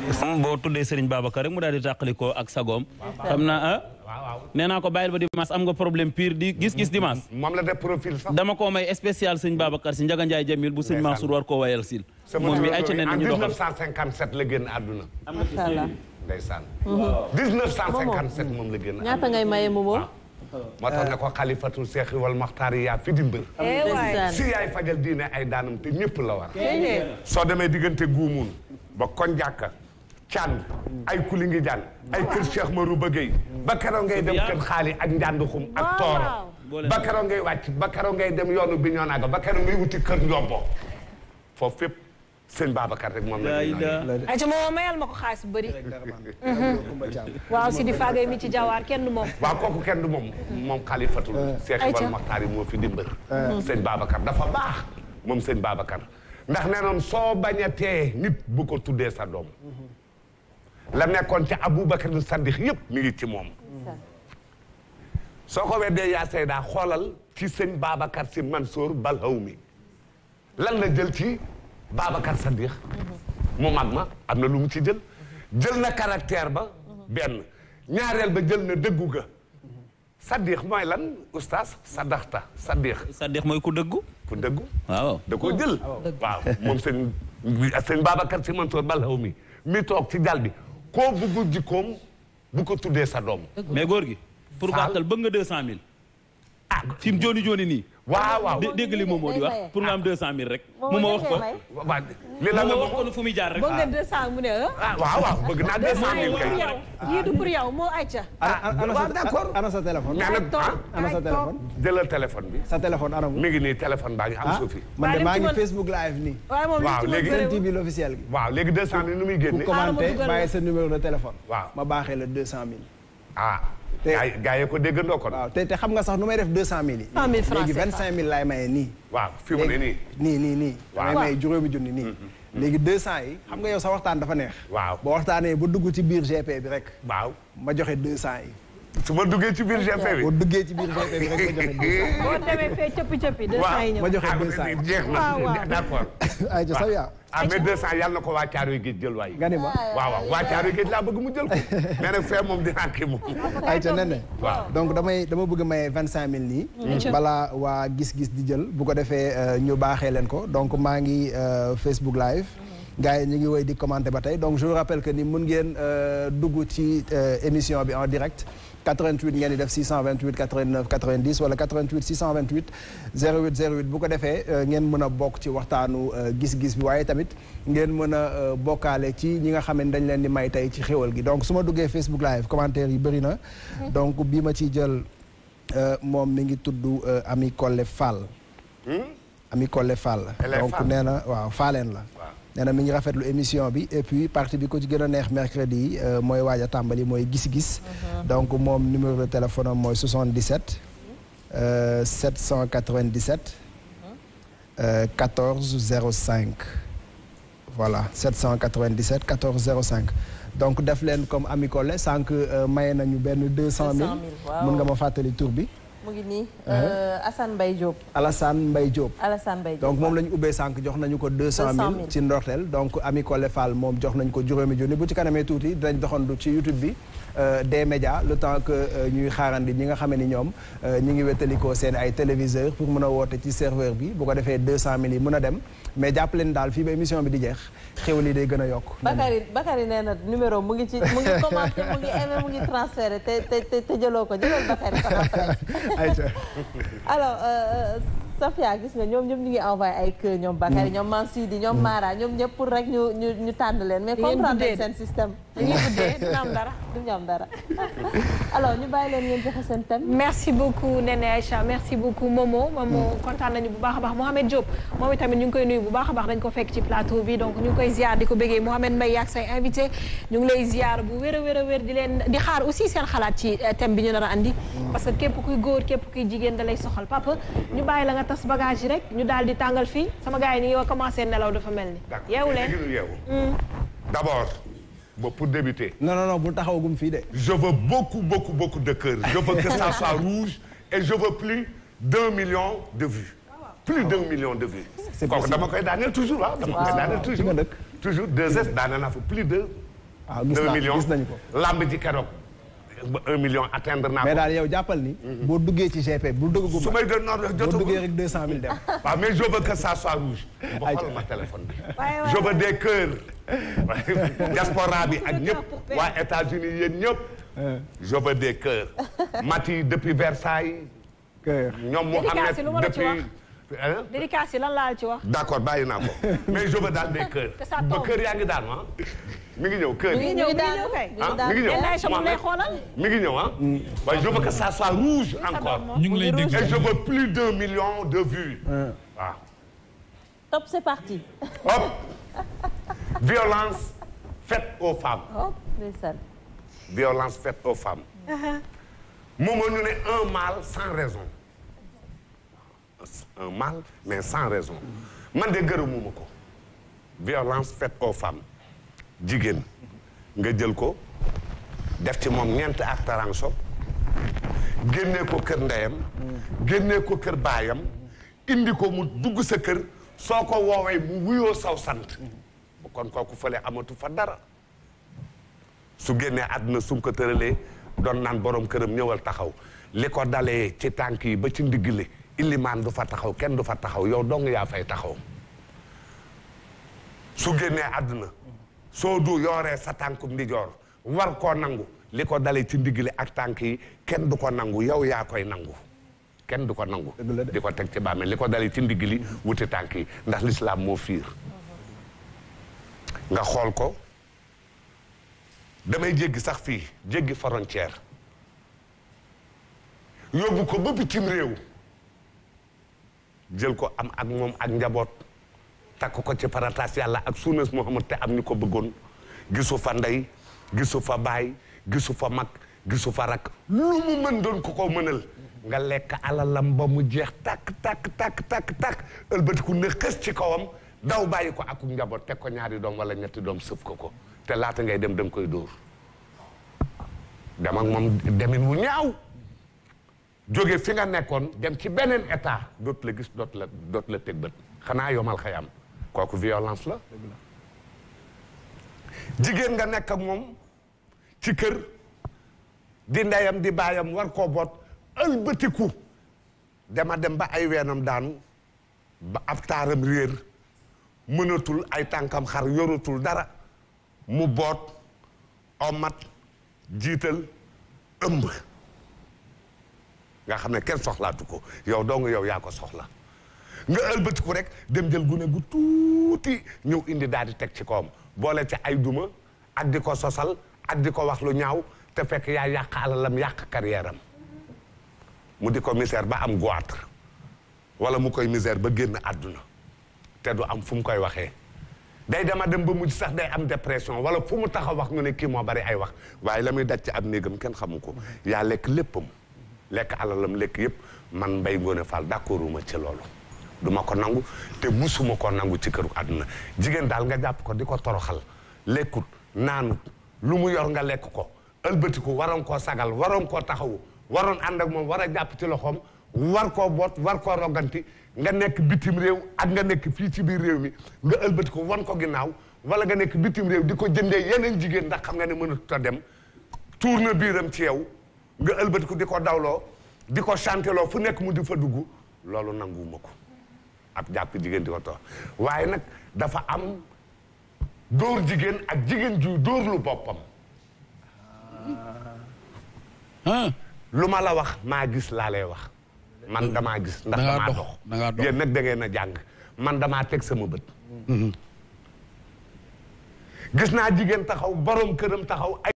Hmm, boo tuddee Serigne Babacar rek mu daal di tàqalikoo ak sagoom xam naa ah nee naa ko bàyyil ba dimanche am nga problème pire di gis-gis dimanche moom la def sax dama ko may spécial Serigne Babacar si Njaga Njaay Jamil bu Serigne Mansour war koo wayal sil moom mi ay ci ne ñu doxal 1957 la génn àdduna moom la génn ñaata ngay maye moomoo moo tax ne ko xalifatul seexi wal maxtaari yaa fi dimbër eh si yaay fajal diine ay daanam te ñëpp la war soo demee diggante guumuun ba koñ jàkka cànd ay kuli ngi jaan ay kër Cheikh Marouba Gueye ba keroog ngay dem kër xaali ak njànd ak tooro ba keroog ngay wàcc ba keroog ngay dem yoonu bi ñoo naaga ba keroog ngay wuti kër njombo foofu fépp sëñ Babacar rek moom la ay ca moom mayal ma ko xaalis bu bëri waaw si di faagay mi ci jawaar kenn du moom waaw kooku kenn du moom moom xalifatul Cheikh Ibrahima Maxtaar yi moo fi dimbal sëñ Babacar dafa baax moom sëñ Babacar ndax nee noon soo bañatee nit bu ko tuddee sa doom la nekkoon ca Aboubacar Saddiq yëpp mi ngi ci moom. soo ko weddee yaa Seyda xoolal ci seen Babacar si Mansour Balhawmi lan la jël ci Babacar Saddiq. mu mag ma am na lu mu ci jël. jël na caractère ba. benn ñaareel ba jël na dëggu ga. Saddiq mooy lan oustaz Sadaxta Saddiq. Saddiq mooy ku dëggu. ku dëggu. waaw da koo jël. waaw moom sëñ sëñ Babacar si Mansour Balhawmi mi toog ci jal bi. koo bëggul jikkoom bu ko tuddee sa doom mais góor gi pour gàttal bëgg nga deux cent mille ah fi mu jooni jooni nii waaw waaw dégg li moom moo di wax pour nga am 200000 rek. moom moo wax ko waaw li la nga wax ko fu muy jaar rek. bëgg nga 200 mu ne ah. ah. waaw waaw bëgg naa 200000 kay. lii du pour yow moo acca. Ah, waaw d'accord ana sa téléphone. Ah. ana sa téléphone. jëlal téléphone bi. sa téléphone ana mu mi ngi nii téléphone baa ngi am suuf yi. man de maa ngi Facebook live nii. waaw léegi Sen TV l'officiel gi. waaw léegi 200000 nu muy génne. ku commenté bàyyi sa numéro de téléphone. waaw ma baaxee la 200000. ah. te gaa yi ko déggandoo kon. waaw te te xam nga sax nu may def deux cent mille yi. cent mille francs léegi vingt cinq mille laay maye nii. waaw fi ne nii. nii nii nii. waaw damay maye juróomi junni nii. Mm-hmm, mm-hmm. léegi deux cent yi xam nga yow sa waxtaan dafa neex. waaw ba waxtaanee ba dugg ci biir GP bi rek. ma joxe deux cent yi. su ma duggee ci biir GP bi. boo duggee ci biir GP bi rek ma joxe. boo demee fee cëppi cëppi. waaw ma joxe deux cent ah, jeex na d'accord. ayca Sawia. ah mais deux cent yàlla na ko waa Caaroy géej jël waay. nga ne ma waaw waaw waa Caaroy géej laa bëgg mu jël ko. mais nag fee moom dinaa kii moom. ayca nen ne. waaw donc damay dama bëgg maye vingt cinq mille nii. balaa waa gis-gis di jël bu ko defee euh, ñu baaxee leen ko donc maa ngi euh, Facebook live. gars yi ñu ngi woy di commenter ba tey donc je vous rappelle que ni mun ngeen euh, dugg ci émission bi en direct. 88 ngeen di def 628 89 90 wala 88 628 08 08 bu ko defee euh, ngeen mën a bokk ci waxtaanu euh, gis-gis bi waaye tamit ngeen mën a euh, bokkaale ci ñi nga xam ne dañ leen di may tey ci xéwal gi donc su ma duggee Facebook live commentaire yi bëri na. Mm-hmm. donc bii ma ci jël moom mi ngi tudd Ami Collé Fall. Hmm? Ami Collé Fall. donc nee na waaw faaleen la. nee na mi ngi rafetlu émission bi et parti bi ko ci gën a neex mercredi euh, mooy waaj tàmbali mooy gis-gis. Uh-huh. donc moom numéro de téléphone am mooy 77. 797. 14 05. voilà 797 14 05 donc def leen comme Ami Collé sànq euh, may nañu benn 200000. 200000 waaw mën nga ma fàttali tur bi. mu ngi nii euh, Assane Mbaye Diop. Alassane Mbaye Diop. Alassane Mbaye Diop donc moom la ñu ubbee sànq jox nañu ko deux cent mille ci ndorteel donc Ami Collé Fall moom jox nañu ko juróomi junni bu ci kanamee tuuti dañ doxandu ci YouTube bi euh, des médias le temps que euh, ñuy xaarandi ñi nga xam ni ñoom ñi ngi wettalikoo seen ay téléviseurs pour mën a woote ci serveur bi bu ko defee deux cent mille yi mën a dem mais jàpp daal fii ba émission bi di jeex xéwal yi day gën a yokk. Bakary Bakary na numéro mu ngi ci te te ko jëlal ayca alors euh, euh, Safia gis nga ñoom ñëpp ñu ngi envoyé ay kër ñoom Bakary mm. ñoom di ñoom mm. Mara ñoom ñëpp pour rek ñu ñu ñu tànn leen mais comprendre seen système. dañuy uddee dina am dara. du ñu am dara alors ñu bàyyi leen ngeen joxe seen thème. merci beaucoup Nene Aïcha merci beaucoup Momo. Momo kontaan nañu bu baax a baax Mouhamed Diop. moom itamit ñu ngi koy nuyu bu baax a baax dañu ko fekk ci plateau bi donc ñu ngi koy ziar di ko bëggee Mouhamed Mbaye ak say invité ñu ngi lay ziar bu wér a wér a wér di leen di xaar aussi seen xalaat ci euh, thème bi ñu nar a andi. parce que képp kuy góor képp kuy jigéen da lay soxal papa ñu bàyyi la nga tas bagage rek ñu daal di tàngal fii sama yi ni nga commencé nelaw dafa mel ni. yeewu leen boo pour débuter. non non non bu taxawagum fii de. je veux beaucoup beaucoup de cœur. je veux que ça soit rouge et je veux plus d'un million de vues. plus d'un million de vues. c'est possible kooku dama koy daaneel toujours ah. dama koy daaneel toujours toujours 2S daaneel naa fa plus de. ah gis naa gis nañu ko. lamb ji keroog. ba un million atteindre naa ko. mais daal jàppal ni. Mhm. boo duggee ci GP bu dugg gu. su may gën noonu jotagul boo duggee rek deux cent mille dem. waaw mais je veux que ça soit rouge. ayca xool ma téléphone bi. je ak ñëpp waa États-Unis yéen ñëpp. je veux des cœurs. Mati depuis Versailles. cœur ñoom mu depuis. Eh? dédicace yi lan laa ci wax. d' accord bàyyi naa ko mais je veux daal des cœurs. te ba cœur yaa ngi daan ma ah? mi ngi ñëw kër mi ngi ñëw kay ah, mi ngi ñëw lay xoolal mi ngi ñëw ah mm. waaye je veux que ça soit rouge encore ñu ngi lay dégg et je veux plus d'un million de vues waaw ah. top c'est parti hop violence faite aux femmes hop ndeysaan violence faite aux femmes uh-huh. moom ñu ne un mal sans raison un mal mais sans raison man de gërëmuma ko violence faite aux fam jigéen nga jël ko def ci moom ñeent ak taranso génnee ko kër ndeyam génnee ko kër baayam indi ko mu dugg sa kër soo ko woowee mu wuyoo saw sant kon kooku fële amatu fa dara su génnee àdduna su ko tëralee doon naan boroom këram ñëwal taxaw li ko dalee ci tànk yi ba ci ndigg li ilimaan du fa taxaw kenn du fa taxaw yow dong yaa fay taxaw su génnee àdduna soo du yoree sa tànku ndijoor war koo nangu li ko dalee ci ndigg li ak tànk yi kenn du ko nangu yow yaa koy nangu kenn du ko nangu di ko teg ci bàmmeel li ko dalee ci ndigg li wuti tànk yi ndax lislaam moo fiir nga xool ko damay jéggi sax fii jéggi frontière yóbbu ko ba bitim réew jël ko am ak moom ak njaboot takk ko ci paratas yàlla ak suunas Muhammad te am ñu ko bëggoon gisu fa ndey gisu fa baay gisu fa mag gisu fa rak lu mu mën doon ko ko mënal nga lekk alalam ba mu jeex takk takk takk takk takk ëlbatiku ne xës ci kawam daw bàyyi ko ak njaboot teg ko ñaari doom wala ñetti doom sëf ko ko te laata ngay dem da koy dóor dem ak moom demin wu ñaaw jóge fi nga nekkoon dem ci beneen état dootu la gis dootu la dootu teg bët xanaa yomal xayam kooku violence la jigéen nga nekk ak moom ci kër di ndeyam di baayam war koo boot ëlbatiku dama dem ba ay weenam daanu ba ab taaram réer mënatul ay tànkam xar yoratul dara mu boot omat jiital ëmb nga xam ne kenn soxlaatu ko yow dong yow yaa ko soxla nga ëlbatiku rek dem jël gune gu tuuti ñëw indi daal di teg ci koom boole ci ay duma ak di ko sosal ak di ko wax lu ñaaw te fekk yaa yàq alalam yàq carrière mu di ko misère ba am goitre wala mu koy misère ba génn àdduna te du am fu mu koy waxee day dama dem ba mujj sax day am dépression wala fu mu taxaw wax nga ne kii moo bari ay wax waaye la muy daj ci ab néegam kenn xamu ko yaa lekk léppam lekk alalam lekk yëpp man mbay Mbaye Ngoné Fall d'accorduma ci loolu duma ko nangu te musuma ko nangu ci këru àdduna jigéen daal nga jàpp ko di ko toroxal lekkut naanut lu mu yor nga lekk ko ëlbatiku waroon koo sagal waroon koo taxawu waroon ànd ak moom war a jàpp ci loxoom war ko boot war koo roganti nga nekk bitim réew ak nga nekk fii ci biir réew mi nga ko wan ko ginnaaw wala nga nekk bitim réew di ko jëndee yeneen jigéen ndax xam nga ne mënut a dem tourne biiram ci yow nga ëlbatiku di ko dawloo di ko chanteloo fu nekk mu di fa dugg loolu nanguwuma ko ab jàpp jigéen di ko toog waaye nag dafa am dóor jigéen ak jigéen ju dóor lu boppam ah. Ah. lu ma la wax maa gis laa lay wax man damaa gis ndax damaa dox yéen nag da ngeen a jàng man damaa teg sama bët mm-hmm. gis naa jigéen taxaw borom këram taxaw